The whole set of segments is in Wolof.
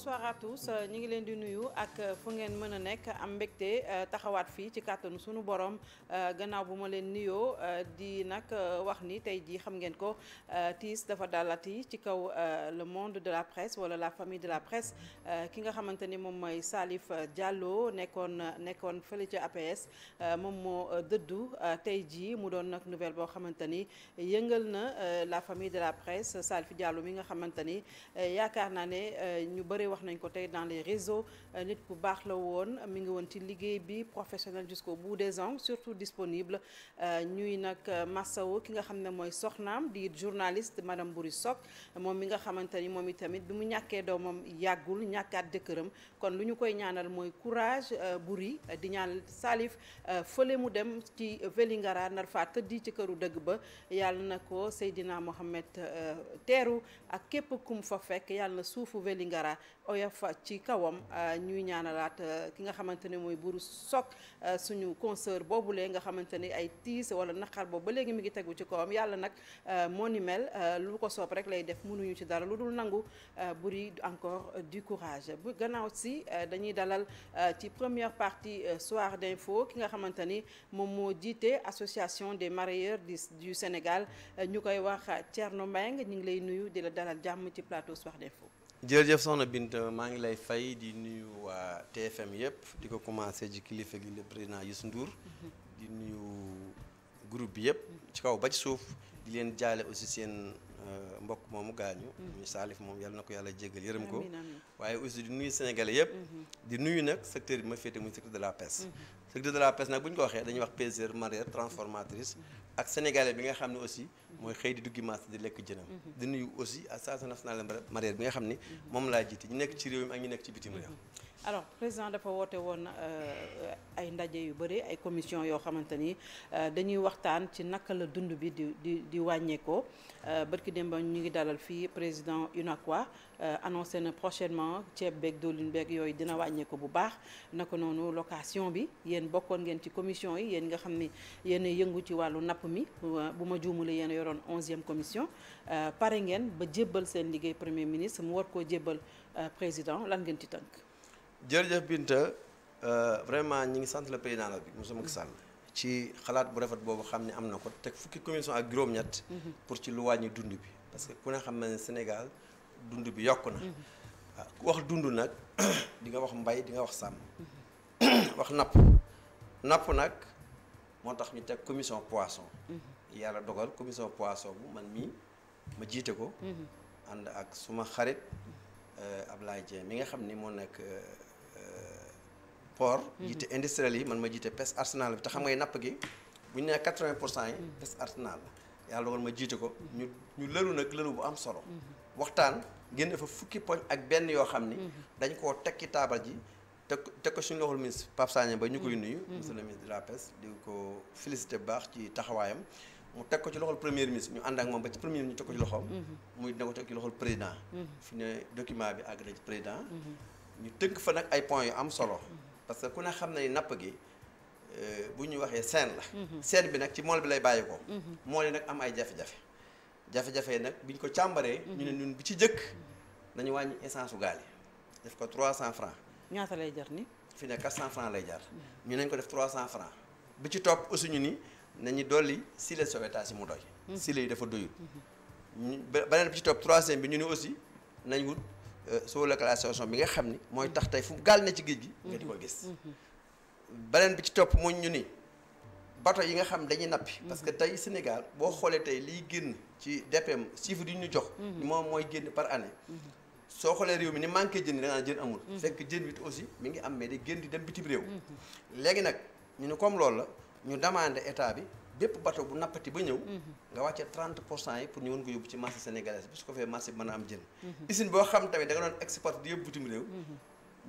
bonsoir à tous euh, ñu ngi leen di nuyu ak euh, fu ngeen mën a nekk am mbégte euh, taxawaat fii ci kàttanu sunu borom gannaaw bu ma leen nuyoo di nag wax ni tey jii xam ngeen ko tiis dafa dalati ci kaw le monde de la presse wala la famille de la presse ki nga xamante ni moom mooy saalif jàlloo nekkoon nekkoon fële ca APS moom moo dëddu tey jii mu doon nag nouvelle boo xamante ni yëngal na la famille de la presse Salif Diallo mi nga xamante ni yaakaar naa ne ñu bëri wax nañ ko tey dans les réseaux euh, nit ku baax la woon mi ngi woon ci liggéey bi professionnel jusqu'au bout des ongles surtout disponible euh, ñuy nag euh, massawo ki nga xam ne mooy soxnaam di journaliste madame Boury Sock moom mi nga xamante ni moom itamit bi mu ñàkkee doomam yàggul ñàkkaat jëkkëram kon lu ñu koy ñaanal mooy courage Boury di ñaan Salif fële mu dem ci Vélingara nar faa tëddi ci këru dëgg ba yàlla na ko Seydina Mohamed teeru ak képp kum fa fekk yàlla na suufu Vélingara oyof ci kawam euh, ñuy ñaanalaat euh, ki nga xamante ne mooy buru sok euh, suñu consœur boobulee nga xamante ni ay tiis wala naqar boobu ba léegi mi ngi tegu ci kawam yàlla nag moo ni mel lu ko soob rek lay def mënuñu ci dara lu dul nangu buri encore du courage bu gannaaw si dañuy dalal ci première partie soir d'info ki nga xamante ni moom moo jiite association des mareyeurs du Sénégal ñu koy wax Thierno Mbengue ñu ngi lay nuyu di la dalal jàmm ci plateau soir d'info jërëjëf soxna bint maa ngi lay fay di nuyu waa TFM yëpp di ko commencé ci kilifa gi le président Youssou Ndour di nuyu groupe bi yëpp ci kaw ba ci suuf di leen jaale aussi seen euh, mbokk moomu gaañu mm-hmm. muy Salif moom yàlla na ko yàlla jégal yërëm ko waaye aussi di nuyu senegale yëpp mm-hmm. di nuyu nag secteur bi ma féete muy secteur de la pes mm-hmm. secteur de la pêche nag bu ñu ko waxee dañu wax pêcheur mareyeur transformatrice ak sénégalais bi nga xam ne aussi mooy xëy di duggi maas di lekk jënam mhm. di nuyu aussi association nationale de bi nga xam ne moom laa jiite ñu nekk ci réew mi ak ñu nekk ci bitim réew mhm. alors président dafa woote woon euh, ay ndaje yu bëri ay commission yoo xamante ni euh, dañuy waxtaan ci naka la dund bi di di di wàññeekoo euh, barki démb ñu ngi dalal fii président UNACOIS annoncé na prochainement ceeb beeg diwlin beeg yooyu dina wàññeeku bu baax naka noonu location bi yéen bokkoon ngeen ci commission yi yéen nga xam ni yéen yëngu ci wàllu napp mi bu ma juumule yéen a yoroon onzième commission pare ngeen ba jébbal seen liggéey premier ministre mu war koo jébbal président lan ngeen ci tënk. jërëjëf Binta euh, vraiment ñi ngi sant le président la bi Moussa Macky Sall ci xalaat bu rafet boobu xam ne am na ko teg fukki commission ak juróom-ñett mhm. pour ci lu wàññi dund bi parce que ku ne xam na ne Sénégal dund bi yokk na mhm. ah, wax dund nag di nga wax mbay di nga wax sàmm mhm. wax napp napp nag moo tax ñu teg commission poisson yàlla dogal commission poisson bu man mii ma jiite ko ànd ak suma xarit euh, Ablaye Dieng mi nga xam ni moo nekk euh, port mhm. jiite industriel yi man ma jiite pêche artisanale bi te xam ngay napp gi bu ñu nee yi mhm. pêche artisanale la yàlla ma jiite ko mhm. ñu ñu lëlu nag lëlu bu am solo waxtaan génn fa fukki poñ ak benn yoo xam ni dañ koo tekki taabal ji te teg ko suñu loxol ministre Pape Sagna Mbaye ñu koy nuyu monsieur le ministre de la pêche di ko félicité bu baax ci taxawaayam mu teg ko ci loxol premier ministre ñu ànd ak moom ba ci premier ñu teg ko ci loxoom muy dina ko teg ci loxol bi àgg na ñu tënk fa nag ay points solo parce que ku ne xam na ni napp gi euh, bu ñu waxee seen la. Mhm. seen bi nag ci mool bi lay bàyyi ko. Mhm. mool yi nag am ay jafe-jafe jafe-jafe yi nag biñ ko càmbaree. Mhm. ñu ne ñun bi ci jëkk nañu wàññi essence su gaal yi def ko 300 francs ñaata lay jar ni fi ne 400 francs lay jar. ñu nañ ko def 300 francs bi ci topp aussi ñu ni nañu dolli silet sauvetage yi mu doy. silet yi dafa doyul. ñu beneen bi ci topp troisième bi ñu ni aussi nañ wut. Euh, sous-location bi nga xam ni mooy tax tey fu gaal na ci géej gi. nga di ko gis. beneen bi ci topp mooy ñu ni bato yi nga xam dañuy nappi. parce que tey Sénégal boo xoolee tey liy génn ci DPM chiffre yi ñu jox. Mhm. moom mooy génn par année. Mhm. soo xoolee réew mi ni manqué jën da nga naan jën amul. Mhm. fekk jën bi aussi mi ngi am mais day génn di dem bitim réew. léegi nag ñu ne comme loolu la ñu demandé état bi. bépp bateau bu nappati ba ñëw mhm. nga wàcce 30 pour cent yi pour ñu mën ko yóbbu ci marché sénégalaise bi su ko fee marché bi mën a am jën mhm. usine boo xam tamit da doon exporté di yóbbu bitim réew mhm.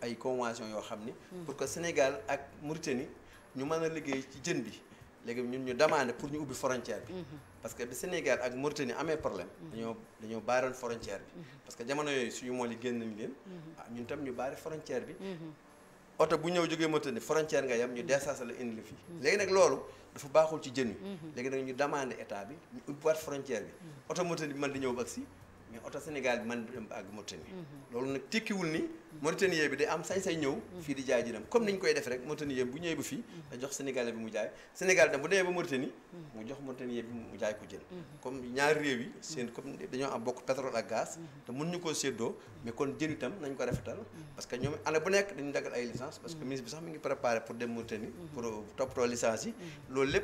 def ay convention yoo xam ni. pour que Sénégal ak Mauritanie ñu mën a liggéey ci jën bi. léegi ñun ñu demandé pour ñu ubbi frontière bi. Mhm. parce que bi Sénégal ak Mauritanie amee problème. Mhm. dañoo dañoo baaroon frontière bi. Mhm. Ah ñu baari frontière bi. bu ñëw jógee Mauritanie frontière nga yam ñu desaasa la indi la fii. bi oto Mauritanie bi mën di ñëw ba mais oto Sénégal bi man dem ba àgg Mauritanie. loolu nag tekkiwul ni. Mauritanien bi day am say-say ñëw. fii di jaay jëram comme niñ koy def rek bu ñëwee ba fii. da jox Sénégalais bi mu jaay Sénégal bu demee ba mu jox Mauritanien bi mu jaay ko jën. comme ñaari réew yi seen comme dañoo am bokk pétrole ak gaz. te mën ñu koo séddoo. mais kon jën itam nañ ko rafetal. parce que ñoom année bu nekk dañu daggal ay licence parce que ministre bi sax mi ngi préparé pour dem Mauritanie. pour toppatoo licence yi. loolu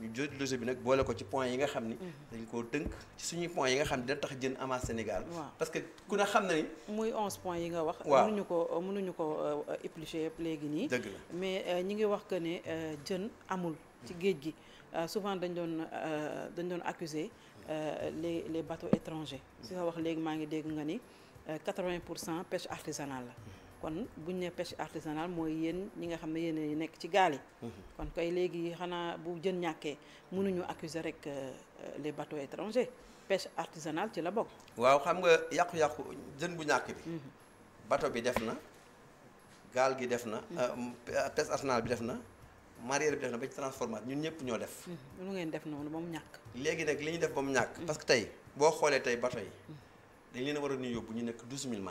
ñu jot loge bi nag boole ko ci point yi nga xam ni. Mhm. dañ koo dënk ci suñuy point yi nga xam ne dina tax jën amaat Sénégal. parce que ku ne xam na ni. muy onze points yi nga wax. waaw mënuñu ko mënuñu ko euh, éplucher yëpp léegi nii. dëgg la mais euh, ñi ngi wax que ne euh, jën amul. ci géej gi souvent dañ doon dañ doon accuser les les bateaux étrangers. si nga wax léegi maa ngi dégg nga ni 80 pour cent pêche artisanale la. kon bu buñ ne pêche artisanale mooy yéen ñi nga xam ne yéen nekk ci gaal yi. Mhm. kon koy léegi xanaa bu jën ñàkkee mënuñu mhm. accuser rek euh, euh, les bateaux étrangers pêche artisanale ci la bokk. waaw xam nga yàqu-yàqu jën bu ñàkk bi. Mhm. bato bi def na gaal gi def na. Euh, pêche artisanale bi def na. mareyeur bi def na ba ci transformation ñun ñëpp ñoo def. lu ngeen def noonu ba mu ñàkk. léegi nag li ñu def ba mu ñàkk. parce que tey boo xoolee tey bateau yi. dañ leen war a ñu yóbbu ñu nekk douze mille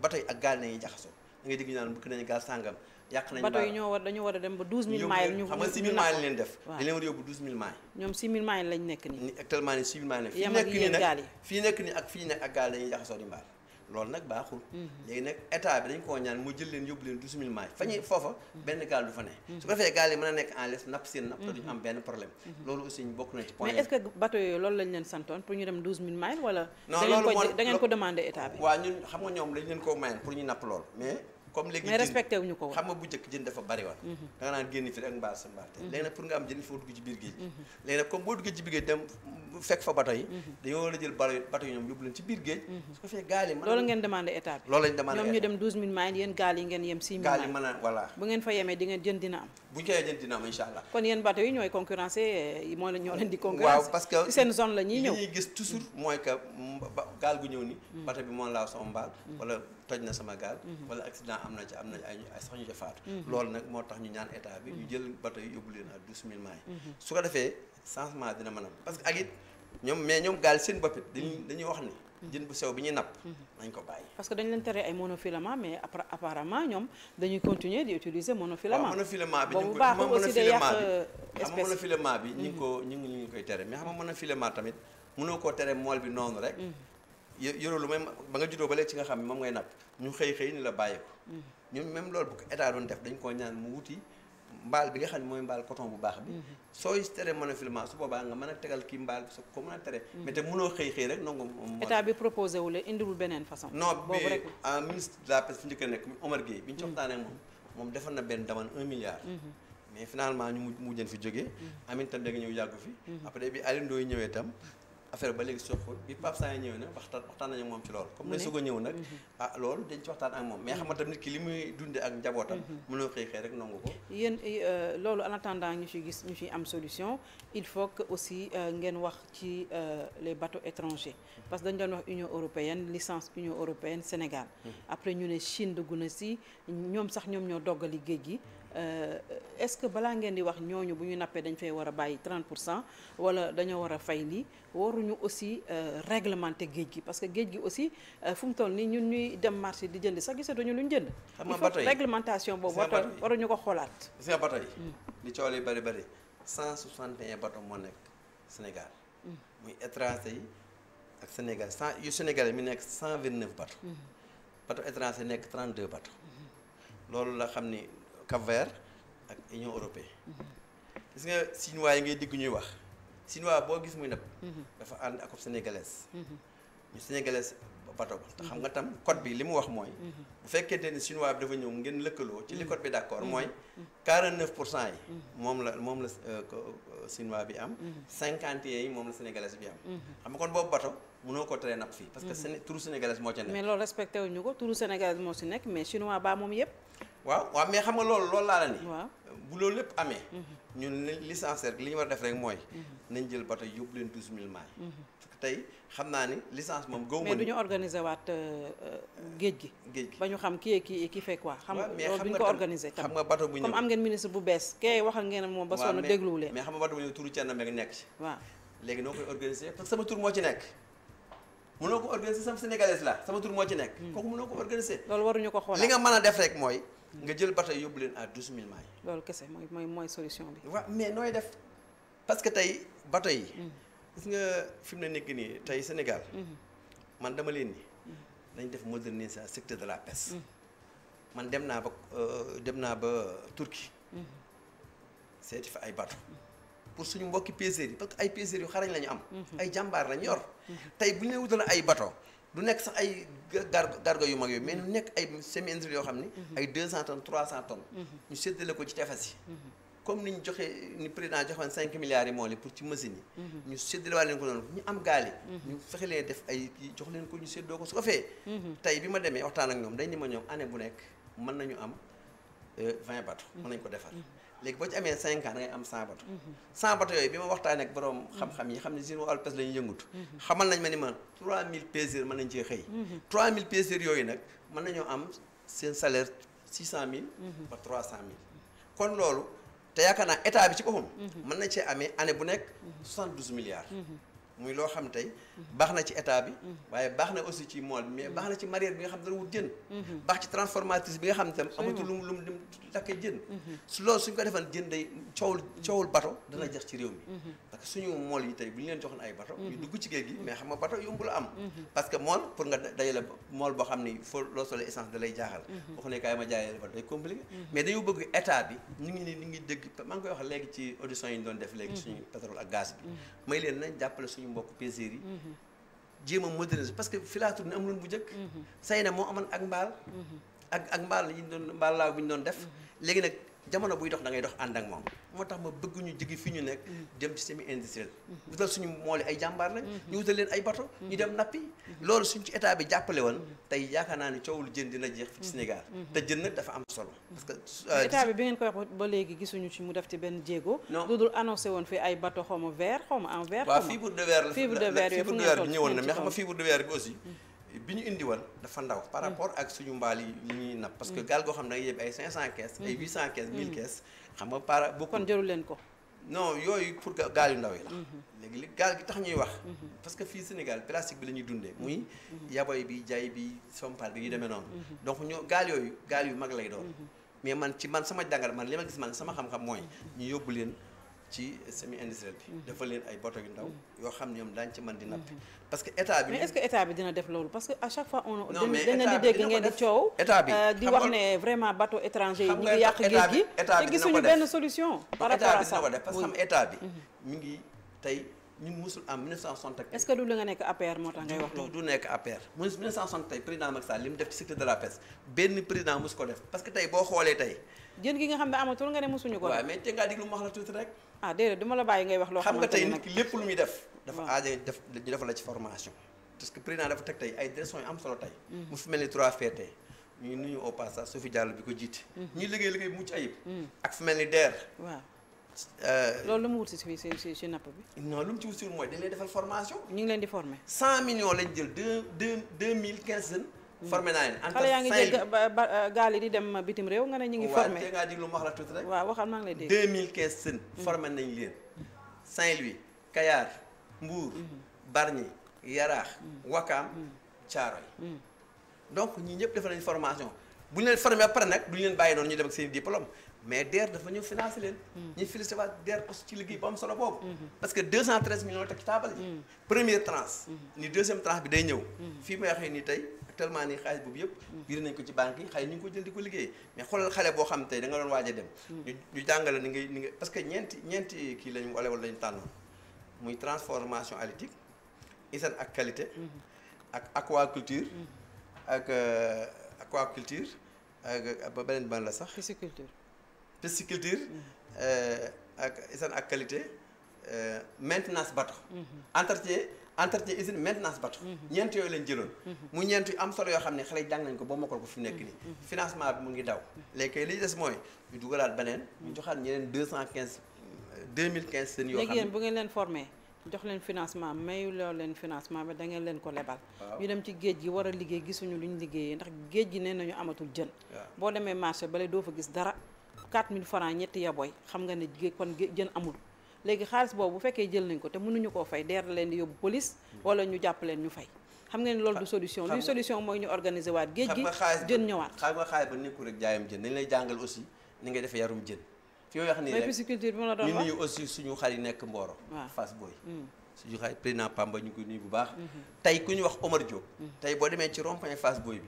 bateau yi ak gaal nañuy jaxasoo da ngay ñu naan bëgg nañu gaal sàngam yàq nañu bateau yi ñoo war dañoo war a dem ba 12000 miles ñu xam nga 6000 miles leen def dañ leen war a yóbbu 12000 miles ñoom 6000 miles lañ nekk nii actuellement nii 6000 miles lañ nekk nii nag fii nekk nii ak fii nekk ak gaal lañuy jaxasoo di mbaal loolu nag baaxul. Mhm. léegi nag état bi dañ koo ñaan mu jël leen yóbbu leen douze mille mètres fa ñuy foofa mhm. benn gaal du fa ne. Mhm. su ko defee gaal yi mën a nekk en laisse napp seen napp te duñu am benn problème. loolu aussi ñu bokk na ci point mais est-ce que bateau yooyu loolu lañ leen santoon pour ñu dem douze mille mètres wala. non loolu moo da ko demandé état bi. waaw ñun xam nga ñoom dañ leen koo mayoon pour ñu napp lool mais comme léegi mais respecté xam bu njëkk jën dafa bari woon mhm. naan génn fi rek mbaar sa mbaarte mhm. léegi nag pour nga am jën il faut ci biir géej mhm. léegi comme boo duggee ci biir géej su ko fee gaal yi loolu ngeen demandé état bi ñoom ñu dem 12000 miles yéen gaal yi ngeen yem 6000 miles gaal yi a voilà bu ngeen fa yemee di jën dina am bu ñu koy jënd dina am incha allah. kon yéen bateau yi ñooy concurrencer euh, mooy ñoo leen di. concurrence waaw parce seen zone la ñuy ñëw li ñuy mm. mooy gaal gu ñëw ni mm. bateau bi moo laaw sama mbaal. Mm. wala toj na sama gaal. wala accident am na ci am na sax ñu ca faatu. loolu nag moo tax ñu ñaan état bi. ñu jël bateau yi yóbbu leen à douze mille mailles. Mm-hmm. su ko defee changement dina mën a ak it ñoom mais ñoom gaal seen bopp dañuy wax ni. jën bu sew bi ñuy napp. Mhm. nañ ko bàyyi. parce que dañ leen tere ay monofilament mais apparemment ñoom dañuy continuer di utiliser monofilament. waaw monofilament bi ñu ngi ko monofilament bi ñu ngi mhm. ko ñu ngi tamit mënoo koo tere mool bi noonu rek. Mhm. yoroo lu may ba nga juddoo ba léegi ci nga xam moom ngay napp ñu xëy xëy ni la bàyyi ko. ñun même loolu bu ko doon def dañ koo ñaan mu wuti. mbaal bi nga xam ne mooy mbaal coton bu baax bi mhm. sooy a monofilament su boobaa nga mën a tegal kii mbaal bi su ko mën a tere mhm. mais te mënoo xëy xëy rek nangu euh, a mhm. moom moom defar na benn daman un milliard mais finalement ñu mujj fi jógee Aminata da ñëw yàggu fi après bi Aliou Ndoye ñëwee itam affaire ba léegi soxul bi Pape Sagna ñëw na waxtaan waxtaan nañu moom ci loolu comme ne su ko ñëw nag mhm. ah loolu dañ ci waxtaan ak moom mais xam nga ki li muy dunde ak njabootam mhm. mënoo xëy xëy rek nangu ko yéen euh, loolu en attendant ñu ci gis ñu ci am solution il faut que aussi euh, ngeen wax ci euh, les bateaux étrangers parce que dañ doon wax Union européenne licence Union européenne Sénégal mhm. après ñu ne Chine dugg na si ñoom sax ñoom ñoo doggali géej gi Euh, est-ce que balaa ngeen di wax ñooñu bu ñu nappee dañ fay war a bàyyi 30 pour cent wala dañoo war a fay lii waruñu aussi euh, réglementer géej gi parce que géej gi aussi euh, fu mu toll nii ñun ñuy dem marché di jënd sax gisatuñu lu ñu jënd. xam nga ba tey réglementation boobu waruñu ko xoolaat. gis nga ba tey li coow li bari bari 161 bateau moo nekk Sénégal. Hmm. muy étranger yi ak Sénégal yu Sénégal mi nekk 129 bateau. Hmm. bateau étranger nekk 32 bateau. Hmm. loolu la xam ni. Cap-Vert ak Union européenne gis nga chinois yi ngay digg ñuy wax chinois boo gis muy nëpp dafa ànd ak sénégalaise ñu sénégalaise bato ba te xam nga tam code bi li mu wax mooy bu fekkente ni chinois bi dafa ñëw ngeen lëkkaloo ci li code bi d'accord mooy quarante neuf pour cent yi moom la moom la euh, chinois euh, bi am cinquante yi moom la sénégalaise bi am xam nga kon boobu bato mënoo ko tere napp fii parce que mhm. turu sénégalaise moo ci nekk mais loolu respecté wuñu ko turu sénégalaise waaw waaw mais xam nga loolu loolu laa la ni bu loolu lépp amee mhm. ñun licencié rek li ñu war a def rek mooy mhm. nañ jël bato yóbbu leen douze mille miles mhm. tey xam naa ni licence moom gaw ma mais waat euh, euh, géej gi géej gi ba ñu xam kii kii kii fait quoi xam loolu nga bato bu ñëw comme am ngeen ministre bu bees kee waxal ngeen moom ba sonn dégluwu leen mais xam nga bato bu ñëw turu Thierno Mbengue nekk ci waaw léegi noo koy organiser parce sama tur moo ci nekk mënoo ko organiser sama sénégalaise la sama tur moo ci nekk hmm. kooku mënoo ko xool li nga mën a def rek mooy nga jël bata yóbbu leen a douze mille mailles. loolu kese mooy mooy mooy solution bi. waaw mais nooy def parce que tey bato yi. Mm-hmm. gis nga fi mu ne nekk nii tey Sénégal. Mm-hmm. man dama leen ni. dañ mm-hmm. def a secteur de la pêche. man dem naa ba euh, dem naa ba Turquie. seeti fa ay bato. pour suñu mbokki pêcheurs yi parce ay pêcheurs yu xarañ la ñu am. ay jàmbaar la yor. tey bu ñu la wutale ay bato. du nekk sax ay gar garga yu mag yooyu mais du nekk ay semi industrie yoo xam ni. Mhm. ay deux cent tonnes trois cent tonnes. Mhm. ñu séddale ko ci tefes yi. Mhm. comme ni ñu joxe ni président joxoon cinq milliards yi moo leen pour ci machine yi. ñu séddalewaat leen ko noonu ñu am gaal ñu fexe leen def ay jox leen ko ñu séddoo ko su ko fee. tey bi ma demee waxtaan ak ñoom dañ ni ma ñoom année bu nekk mën nañu am euh, vingt bateaux. mën nañu ko defar. léegi boo ci amee cinquante ngay am cent bato yooyu bi ma waxtaanee ak borom xam-xam yi xam ne jine wàllu pes la yëngutu xamal nañ ma ni ma trois mille pêcheurs mën nañ cee xëy trois mille pêcheurs yooyu nag mën nañoo am seen salaire six cent mille ba trois cent mille kon loolu te yaakaar naa état bi ci boppam mën nañ cee amee année bu nekk soixante douze milliards muy loo xam tey baax na ci état bi waaye baax na aussi ci mool bi mais baax na ci mareyeur bi nga xam ne ma jaayee la bato day compliqué mais dañu bëgg état bi ñu ngi ni ñu ngi dégg maa ngi koy wax léegi ci audition yi ñu doon def léegi suñu pétrole ak gaz bi may leen nañ jàppale suñu suñu mbokk pêcheurs yi mhm. jéem a moderniser parce que filature ni am loon bu njëkk mhm. say na moo amoon ak mbaal mhm. ak mbaal yi mbaal laaw bi ñu doon def léegi nag jamono buy dox da ngay dox ànd ak moom moo tax ma bëgg ñu jigi fi ñu nekk dem ci semi industriel mm-hmm. wutal suñu mool ay jàmbaar lañ mm-hmm. ñu wutal leen ay bato ñu mm-hmm. dem nappi loolu suñ ci état bi jàppale woon tey yaakaar naa ni coowul jën dina jeex fi ci Sénégal te jën nag dafa am solo parce que euh, bi bi ngeen koy wax ba léegi gisuñu ci mu def ci benn jéego lu dul annoncé woon fii ay bato xaw ma vert xaw ma en vert waaw de verre la fibre de verre bi ñëwoon na mais xam nga de verre bi ñu indi woon dafa ndaw par mm. rapport ak suñu mbaal yi ñuy napp parce que mm. gaal goo xam ne da ngay yeb ay 500 caisses ay 800 mm. caisses 1000 xam nga para bu kon jarul ko non yooyu pour gaal yu ndaw yi la mm-hmm. léegi li gaal gi tax ñuy wax mm-hmm. parce que fii Sénégal plastique bi la ñuy dundee muy mm-hmm. yaboy bi jay bi sompal bi yu demee noonu donc ñoo gaal yooyu gaal yu mag lay doon mais man ci man sama jàngat man li ma gis man sama xam-xam mooy ñu yóbbu leen ci semi industriel bi. Mm-hmm. dafa leen ay bateau yu ndaw. Mm-hmm. yoo xam ne ñoom daañu ci mën di nappi. Mm-hmm. parce que état bi mais est état bi dina def loolu parce que à chaque fois on. non di dégg ngeen di coow. état bi euh, di wax ne vraiment bateau étranger yi. ñu ngi yàq géej gi état bi dina ko def parce que xam état bi. mi ngi tey ñun musul am 1960. est-ce que du la nga nekk APR moo tax ngay wax loolu. du nekk APR mu 1960 tey président Macky Sall li mu jën gi nga xam ne amatul nga ne mosuñu ko. waaw mais te ngaa diglu ma wax la tuuti rek. ah déedéet duma la bàyyi ngay wax. loo xamante ne xam nga tey lépp lu muy def. dafa aaja def ñu defal la ci formation. parce que président dafa teg tey ay direction yu am solo tey. Mm. mu fi mel ni 3FPT. ñu nuyu ko jiite. Mm-hmm. ñuy liggéey liggéey mucc ayib. Mm. ak fi mel ni DER. waaw euh, loolu lu mu wut si si si napp bi. non lu mu ci wut si mooy dañ defal formation. ñu ngi leen di former. cent millions lañ jël deux deux deux mille quinze jeunes formé naa leen. entre xale yaa ngi jël euh, gaal yi di dem bitim réew nga ne ñu ngi. formé waaw ngaa déglu ma wax la tuuti rek. waaw waxal maa ngi lay dégg 2015 sën. formé nañ leen. Saint-Louis Kayar Mbour. Mm-hmm. Bargny Yaraax. Mm-hmm. Wakaam Caaroy. Mm-hmm. donc ñi ñëpp def nañ formation bu ñu leen formé ba pare nag du ñu leen bàyyi noonu ñu dem ak seen diplôme mais DER dafa ñëw financé leen. Hmm. ñu félicité waat DER aussi ci liggéey bu am solo boobu. Hmm. parce que 213 millions teg ci taabal ji. Hmm. première tranche. ni deuxième tranche bi day ñëw. fii may waxee nii tey actuellement nii xaalis boobu yëpp. biir nañ ko ci banque yi xale ñu ngi ko jël di ko liggéey mais xoolal xale boo xam tey da nga doon waaj a dem. ñu ñu jàngale ni ngay ni nga parce que ñeenti ñeenti kii lañu wala wala lañu tànnoon muy transformation halieutique hygiène ak qualité. ak aquaculture. ak euh, aquaculture ak ba beneen ban la sax. pisciculture. pisciculture euh, ak isaan ak qualité euh, maintenance bateau mhm. entretien entretien usine maintenance bateau mhm. ñeent yooyu lañ jëloon mhm. mu ñeent yu am solo yoo xam ne xale yi jàng nañ ko ba mokkal ko fi nekk nii financement bi mu ngi daw léegi li des mooy ñu dugalaat beneen ñu joxaat ñeneen deux cent quinze deux mille quinze seen yoo xam bu ngeen leen formé jox leen financement mayu loo leen financement bi da leen ko lebal ñu dem ci géej gi war a liggéey gisuñu luñ liggéeyee ndax géej 4000 francs ñetti yaboy xam nga ne kon jën amul léegi xaalis boobu bu fekkee jël nañ ko te mënuñu koo fay deer leen di yóbbu police wala ñu jàpp leen ñu fay xam nga xaalis ba nekkul rek jaayam jën dañ lay jàngal aussi ni ngay defee yarum jën fi may wax nii rek pisciculture bi ma la doon wax ñu nuyu aussi suñu xar yi nekk Mboro hmm. ñu ngi koy bu baax hmm. tey ku ñu wax Omar Diop hmm. tey boo demee ci rond Fass Boy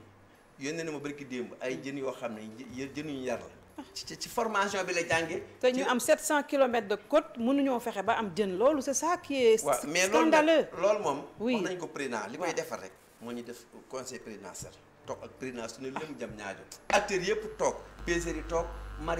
bi yónnee na ma barki démb ay jën yoo xam ne ci ci formation bi la jàngee. te ñu am 700 kilomètres de côte mënuñoo fexe ba am jën loolu c'est ça qui est. waaw mais loolu moom. oui wax nañ ko président li may defar rek. moo ñu def conseil présidentiel toog ak président suñu lëm jam ñaajo acteurs yëpp toog pêcheurs yi toog.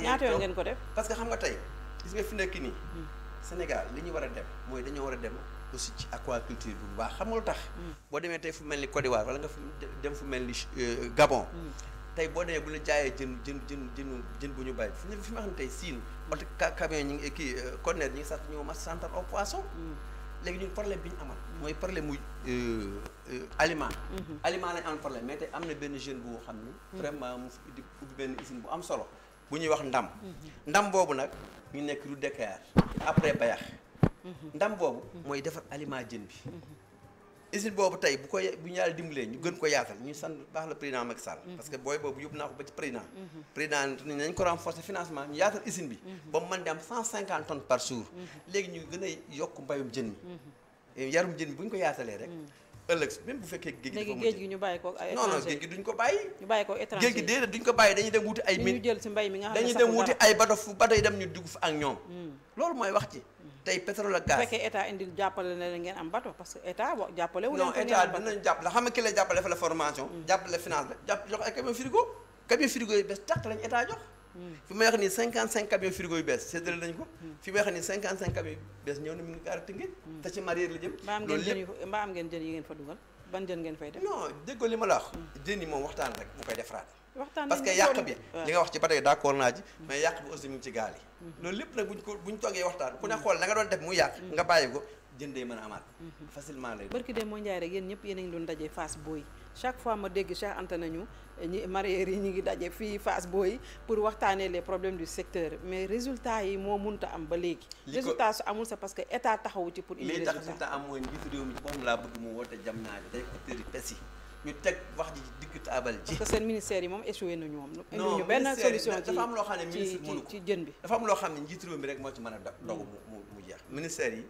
ñaata yoon ngeen ko def parce que xam nga tey gis nga fi nekk nii. Hmm. Sénégal li ñu war a dem mooy dañoo war a dem aussi ci aquaculture bi bu baax xam nga tax. Hmm. boo demee tey fu mel ni Côte d'Ivoire wala nga fu dem fu mel ni euh, Gabon. Hmm. tey boo demee bu ñu jaayee jën jën jën jën jën bu ñu bay fi fi ma xam ne tey siin oto camion ñu ngi kii euh, conteneur ñu ngi sax ñëw marché central au poisson mm. léegi ñun problème bi ñu amal mooy problème muy euh, euh, aliment mm-hmm. aliment lañ am problème mais tey am na benn jeune bu xam ne mm-hmm. vraiment mu di ubbi benn usine bu am solo bu ñuy wax ndam mm-hmm. ndam boobu nag ñu nekk lu Dakar après bayax ndam boobu mooy defar aliment jën bi usine boobu tey bu ko bu ñu yàlla dimbalee ñu gën ko yaatal ñu sant baax la président Macky Sall mm-hmm. parce que booy boobu yóbbu naa ko ba ci président mm-hmm. nañ ko renforcer financement ñu yaatal usine bi mm-hmm. ba mu mën di am cent cinquante tonnes par jour léegi ñu gën a yokk mbayum jën mi yarum jën mi bu ñu ko yaatalee rek ëllëg même bu fekkee géej gi léegi géej gi ñu bàyyi ko ay géej gi duñ ko bàyyi ñu dem wuti ay min ñu dem wuti ay bato fu bato yi dem ñu dugg fa ak ñoom hmm. loolu mooy wax ci hmm. tey pétrole ak gaz bu fekkee état indil jàppale na leen ngeen am bato parce que état boo jàppale fa la formation hmm. jàppale finance la jàpp jox ay camion frigo camion frigo yi bés tàq lañ état jox fi may wax nii cinquante cinq camions frigo yu bees séddale nañ ko fi may wax nii cinquante cinq camions bees ñëw na mi ngi gaara Tëngéej mm. te ci mareyeur la mbaa am ngeen jën yi ngeen fa dugal ban jën ngeen fay def non déggoo li ma la mm. jën yi moom waxtaan rek mu koy defaraat waxtaan parce que yàq bi li nga wax ci ba tey naa ci mm. mais yàq bi aussi mu ci gaal yi mm-hmm. loolu lépp nag buñ ko buñ toogee waxtaan ku ne xool la nga doon def mu ñi mareyeurs yi ñu ngi daje fii fas Boye pour waxtaanee les problème du secteur mais résultat yi moo munta am ba léegi résultat su amul sa parce que état taxawu ci pour indi résultat mais tax am mooy njiitu réew mi moom laa ñu teg wax ji dikk taabal ji parce que seen ministère yi moom échoué nañu loo xam ne ministre mënu ko jën bi dafa loo xam ne njiitu réew mi rek moo ci mën a dogu mu mu jeex ministère yi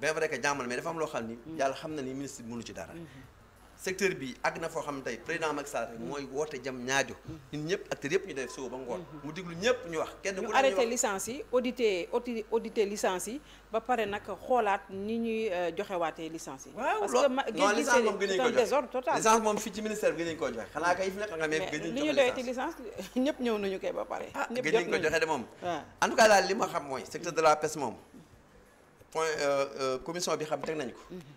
bien vrai que jàmm na mais dafa am loo xam ni mm. yàlla xam na ni ministre munu ci dara mm-hmm. secteur bi àgg na foo xam ne tey président Macky Sall mooy woote jam ñaajo ñun ñëpp acteurs yëpp ñu def soo ba ngoon mm-hmm. mu diglu ñëpp ñu wax kenn ku ñu arrêté licence yi audité audité licence ba pare nag xoolaat ni ñuy euh, joxewaatee licence yi waaw non licence moom gën nañ ko joxe licence moom fii ci ministère bi nañ ko joxe xanaa kay fi nekk nga mais gën nañ li ñu doyati licence ñëpp ñëw nañu koy ba pare ah, ñëpp gën nañ ko joxe de moom en tout li ma xam mooy secteur de la pêche moom point euh, euh, commission bi xam teg nañ ko mm-hmm.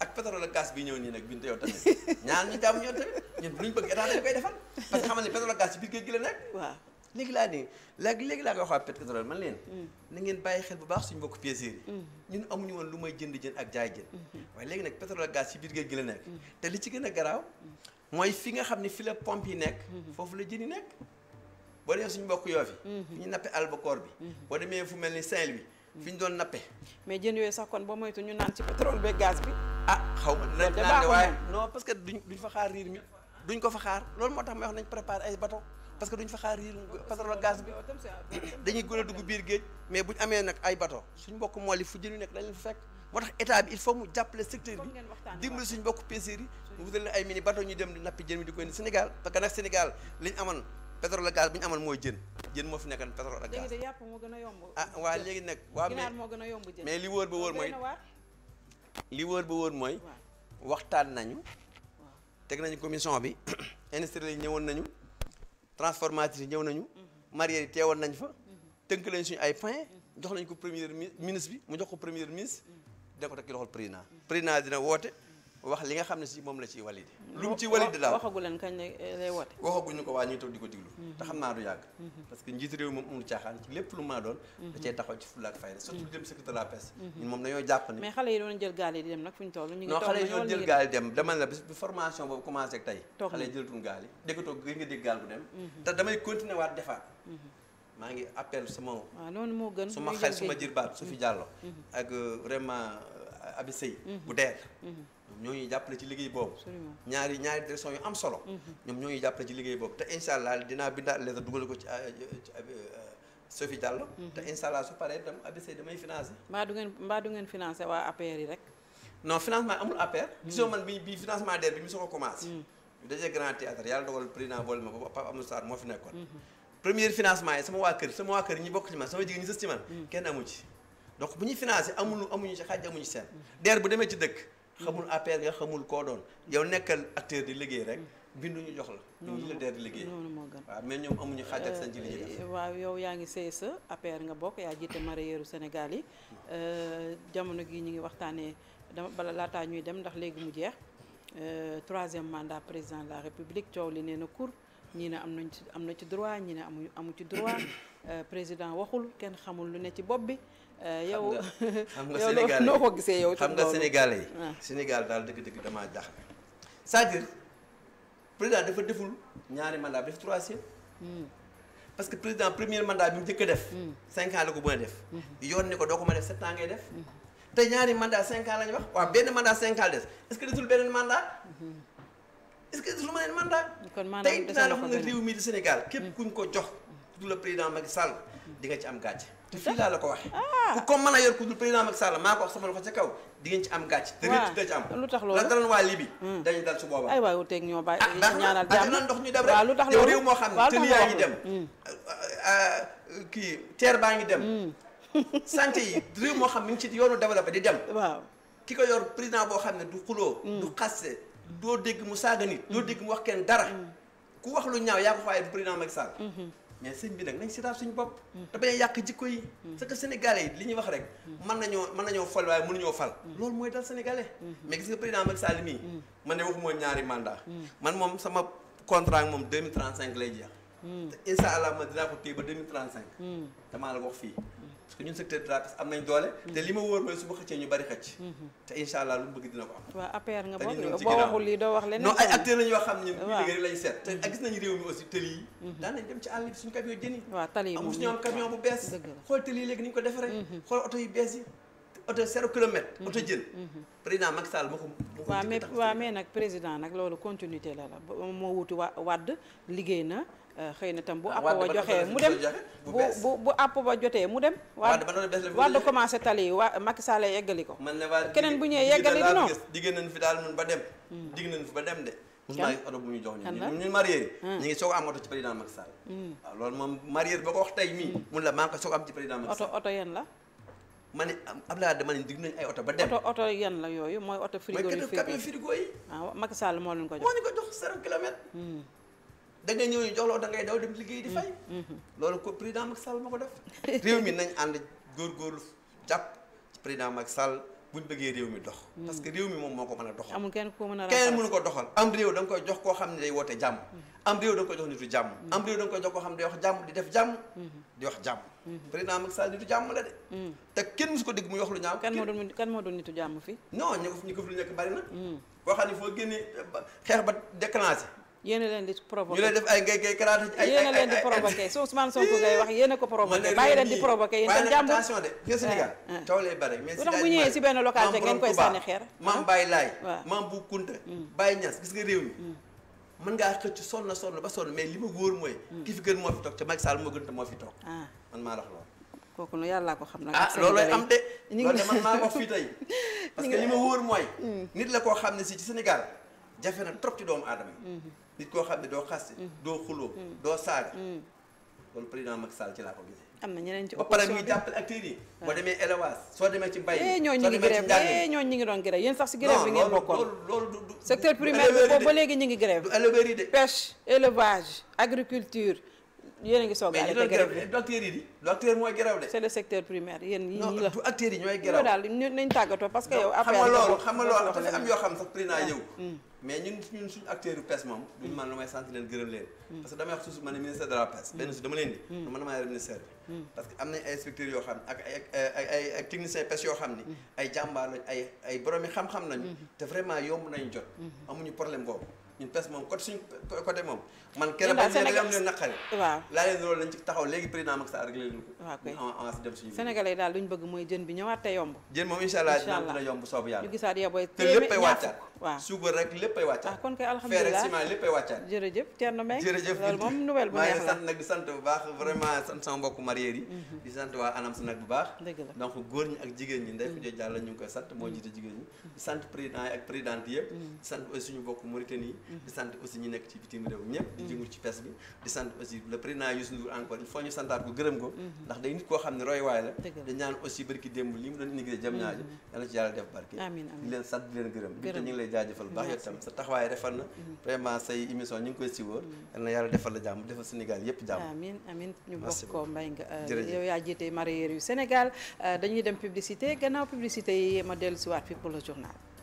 ak pétrole ak gaz bi ñëw nii nag bintu yow tamit ñaan ñu jàmm yoon tamit ñun luñ bëgg état dañ koy defal parce xamal ne pétrole ak gaz ci biir géej gi la nekk léegi laa nii léegi mm. bu baax suñu mbokk mm. lu may jënd jën ak jaay jën mm-hmm. waaye léegi nag pétrole ak gaz ci mm. te li ci gën a garaaw mooy fi nga xam ne fi la pompe yi nekk mm-hmm. foofu la jën yi nekk boo demee suñu mbokk yoo mm-hmm. fi ñu nappe albacore bi boo demee fu mel ni saint bi fi ñu doon nappe mais jën yooyu sax kon boo moytu ñu naan ci pétrole beeg gaz bi ah xaw naan de waaye non parce que duñ duñ fa xaar riir mi duñ ko fa xaar loolu moo tax may wax nañ préparer ay bateau parce que duñ fa xaar riir pétrole ak gaz bi dañuy gën dugg biir géej mais buñ amee nag ay bato suñ mbokk mool yi fu jën yu nekk dañ leen fa fekk moo tax état bi il faut mu jàppale secteur bi dimbali suñ mbokk pêcheurs yi mu wutal ay mini bateau ñu dem di nappi jën mi di ko indi Sénégal pétrole ak gaz bi ñu amal mooy jën jën moo fi nekkal pétrole ak gaz léegi de gën a yomb ah waa léegi nag waa ginaar moo gën a yomb jën mais li wóor ba wóor mooy li wóor ba wóor mooy waxtaan nañu teg nañu commission bi industrie yi ñëwoon nañu transformatrice yi ñëw nañu mhm. mareyeurs yi teewoon nañ fa mhm. tënk lañ suñu ay point mhm. jox nañ ko premier ministre bi mu jox ko premier ministre dina ko teg ci loxol président président dina woote wax li nga xam ne si moom la ciy walide mm-hmm. lu mu ci walide daal waxagu leen kañ eh, lay woote waxaguñu ko waa ñu toog di ko diglu mm-hmm. te xam naa du yàgg mm-hmm. parce que njiitu réew moom amul caaxaan ci lépp lu maa doon da cee taxaw ci fulla ak de la pêche ñun moom dañoo jàpp ne mais xale yi doon jël gaal yi dem nag fuñu ñu ngi non xale yi doon jël gaal yi dem dama ne la bis gaal bu dem te damay continuer waat defaat maa ngi appel sama ah, noonu moo gën suma xel suma jirbaat ñoom ñoo ñuy jàppale ci liggéey boobu. ñaari ñaari direction yu am solo. Mm-hmm. ñoom ñoo ñuy jàppale ci liggéey boobu te incha allah dinaa bindaat lettre dugal ko ci euh, euh, Sophie Diallo. Mm-hmm. te incha allah su paree dem ABC damay financé. mbaa du ngeen mbaa financé waa APR yi rek. non financement amul APR. Mm-hmm. gisoo man bi bi financement DER bi mu soog a commencé. ñu dajee Grand Théâtre yàlla dogal ma ba Pape moo fi nekkoon. premier financement yi sama waa kër sama waa kër ñi bokk ci man sama jigéen ñi sës ci kenn amu ci donc bu ñuy financé amuñu bu demee ci dëkk xamul APR nga xamul koo doon yow nekkal acteur di liggéey rek binduñu jox la. ñu la dee di liggéey noonu waaw mais ñoom amuñu xaaj ak seen euh, waaw yow yaa ngi CSE APR nga bokk yaa jiite maraîcheru Sénégal yi euh, jamono gi ñu ngi waxtaanee dama bala laataa ñuy dem ndax léegi mu jeex euh, troisième mandat président de la République coow li nee na cour ñii am nañ ci am na ci droit ñii ne amu amu ci droit euh, président waxul kenn xamul lu ne ci bopp bi. Euh, yow xam nga Sénégal noo ko gisee yow. xam nga Sénégalais yi. Ah. Sénégal daal dëgg-dëgg damaa jaaxle. c'est-à-dire président dafa deful ñaari mandat bi def troisième. Hmm. parce que président premier mandat bi mu njëkk def. Hmm. cinq ans la ko mën a def. Hmm. yoon ni ko doo ko mën a def sept ans def. te ñaari mandat cinq ans la wax waaw benn mandat cinq ans des est desul beneen mandat. est-ce que lu ma leen mandat tey dinaa la xam ne réew mi di Sénégal képp mm. kuñ ko jox ku dul président Macky Sall di nga ci am gàcce te fii laa la ko wax ah. ku ko mën a yor ku dul président Macky Sall maa ko wax kaw di ngeen ci am gàcce te réew dina ci am lu mm. waay wuteeg ñoo bàyyi ah, ñaanal jàmm dina ndox ñu dem rek lu tax yow réew moo xam ne tëli yaa ngi mm. euh, euh, kii terre baa ngi dem santé yi réew moo xam mi ngi ci yoonu développé di dem ki ko yor président boo xam ne du xuloo du xaste doo dégg mu saaga nit doo dégg mu wax kenn dara mm. ku wax lu ñaaw yaa ko faaye du président Macky Sall mm-hmm. mais sëñ nag nañ sitaab suñu bopp mm. te a yàq jikko yi mm. parce que sénégalais yi li ñuy wax rek mën nañoo mën nañoo fal waaye mënuñoo fal loolu mooy dal sénégalais mm-hmm. mais gis nga président Macky Sall mii man de waxuma ñaari mandat man moom sama contrat ak moom 2035 lay jeex te incha allah ma dinaa ko téye ba 2035 damaa la wax fii parce que ñun secteur drapeau am nañ doole. te li ma wóor mooy su ma xëccee ñu bari xëcc. Mhm. te incha allah lu mu bëgg dina ko am. waaw APR nga bokk boo waxul lii doo wax leneen. non ay acteurs la ñoo xam ne. waaw liggéey lañ seet. Mhm. yi. Mhm. daan nañ dem ci àll bu bees. dëgg xool tali léegi ni ko defaree. xool oto yu bees yi. auto zéro kilomètre. auto jël. président Macky Sall moo ko moo ko. waaw mais waaw mais nag président nag loolu continuité la la moo wuti wa wàdd liggéey na Euh, xëy na tam bu ah, àpp ba joxee mu dem bu bu bu àpp ba jotee mu dem waa wadd commencé tali waa Macky Sall yeggali ko keneen bu ñëwee yeggali non digg nañ fi daal nun ba dem digg hmm. nañ fi ba dem de mos naa gis oto bu ñu jox ñu ñun marié yi hmm. ñu ngi soog am oto ci président Macky Sall hmm. waaw ko tey mii mun la maa ngi ko soog am ci président Macky Sall oto oto yeen la ma ne Abdoulaye dama ne digg nañ ay oto ba dem oto oto yan la yooyu mooy oto frigo yi frigo yi waaw ah, Macky Sall moo leen ko jox moo ñu da ñëw ñu jox la da ngay daw dem liggéey di fay. Mm-hmm. Mm-hmm. loolu ko président Macky Sall ma ko def. réew mi nañ ànd góorgóorlu jàpp ci président Macky Sall buñ bëggee réew mi dox. Mm-hmm. parce que réew mi moom moo ko mën a doxal. amul kenn ko mën a kenn mënu ko doxal. am réew da koy jox koo xam ne day woote jàmm. am réew da nga koy jox nitu jàmm. am réew koy jox koo xam ne day wax jàmm di def jàmm. di wax jàmm. président Macky Sall nitu jàmm la de. te kenn musu ko dégg muy wax lu ñaaw. kan moo doon moo doon nitu jàmm fii. non ñu ko ñu ko fi lu nekk bari na. Mm. koo xeex ba déclenché yéen a leen di provoqué ñu leen def ay ngay ngay karaata ay yéen a leen di provoqué su Ousmane Sonko ngay wax yéen bàyyi leen di provoqué yéen tam benn localité ngeen koy sànni xeer maam Baye Laay maam bu Kunta hmm. Baye Niass gis nga réew mi hmm. mën ngaa xëcc sonn na sonn ba sonn mais li ma wóor mooy hmm. ki fi gën moo fi toog ca Macky Sall moo gën te moo fi toog ah. man maa rax loolu kooku nu yàlla ko xam ne ah lool lay am de loolu de man maa wax fii tey parce que li ma wóor mooy nit la koo xam ne si ci Sénégal jafe na trop ci doomu aadama nit koo xam ne doo xaste mm. doo xuloo mm. doo saaga loolu mm. président Macky Sall ci laa ko gisee. am na ñeneen ci opposition bi ah. demee soo demee ci mbay mi. Eh, soo eh, ñu ngi doon grève yéen sax si grève bi ngeen bokkoon. loolu loolu du du secteur primaire boobu léegi ñu ngi grève. du éleveur de pêche élevage agriculture yéen a ngi soog du acteurs yi di du acteur mooy grève de. c' est secteur primaire yéen ñii la du acteurs yi ñooy grève. daal nañ tàggatoo parce que yow. affaire xam nga loolu xam am yoo xam sax président ah, mais ñun ñun suñu acteurs yu pes moom duñu man lu may leen gërëm leen mm. parce que damay wax toujours ma ne ministère de la pêche benn su dama leen di man mm. damaa yore ministère mm. parce que am nañ ay xam ak ay ay yoo xam ni ay jàmbaar lañ ay ay xam-xam lañu mm-hmm. te vraiment yomb nañ jot mm-hmm. amuñu problème boobu ñun pes moom côté suñu côté moom man keroog ba ñu am leen naqari waaw laa leen loolu lañ ci taxaw léegi président Macky Sall réglé leen ko waaw kay avance dem suñu yi daal luñ bëgg mooy jën bi ñëwaat te yomb jën moom incha allah dina dina yomb ñu gisaat yeboy te léppay wàccaat waaw suba rek léppay wàccaat ah, kon kay alhamdulilah fer ak ciment léppay wàccaat jërëjëf Thierno Mbengue jërëjëf loolu moom nouvelle bu sant bu baax vraiment sant sama mbokku mariér yi mhm. di sant waa anam nag bu baax dëgg la donc góor ñi ak jigéen ñi ndey ku jël jàll ñu ngi koy sant moo mhm. jiite jigéen ñi di sant président yi ak présidente yëpp mhm. sant aussi suñu mbokk nekk ci bitim réew di yëngu ci pes bi di sant aussi le président Youssou Ndour encore il faut ñu santaat ko gërëm ko ndax day nit koo xam ne roy waay la dañ ñaan aussi barki démb li mu doon immigré jam ñaajo yàlla ci yàlla def barki di leen sant di leen gërëm te mm-hmm. ñu ngi koy siwóor mm-hmm. yàlla na yàlla defal la jàmm defal Sénégal yëpp jàmm amiin amiin ñu bokk ko mbay nga euh, yaa jiite mareyeur yu Sénégal euh, dañuy dem publicité gannaaw publicité yi ma dellu siwaat fi pour le journal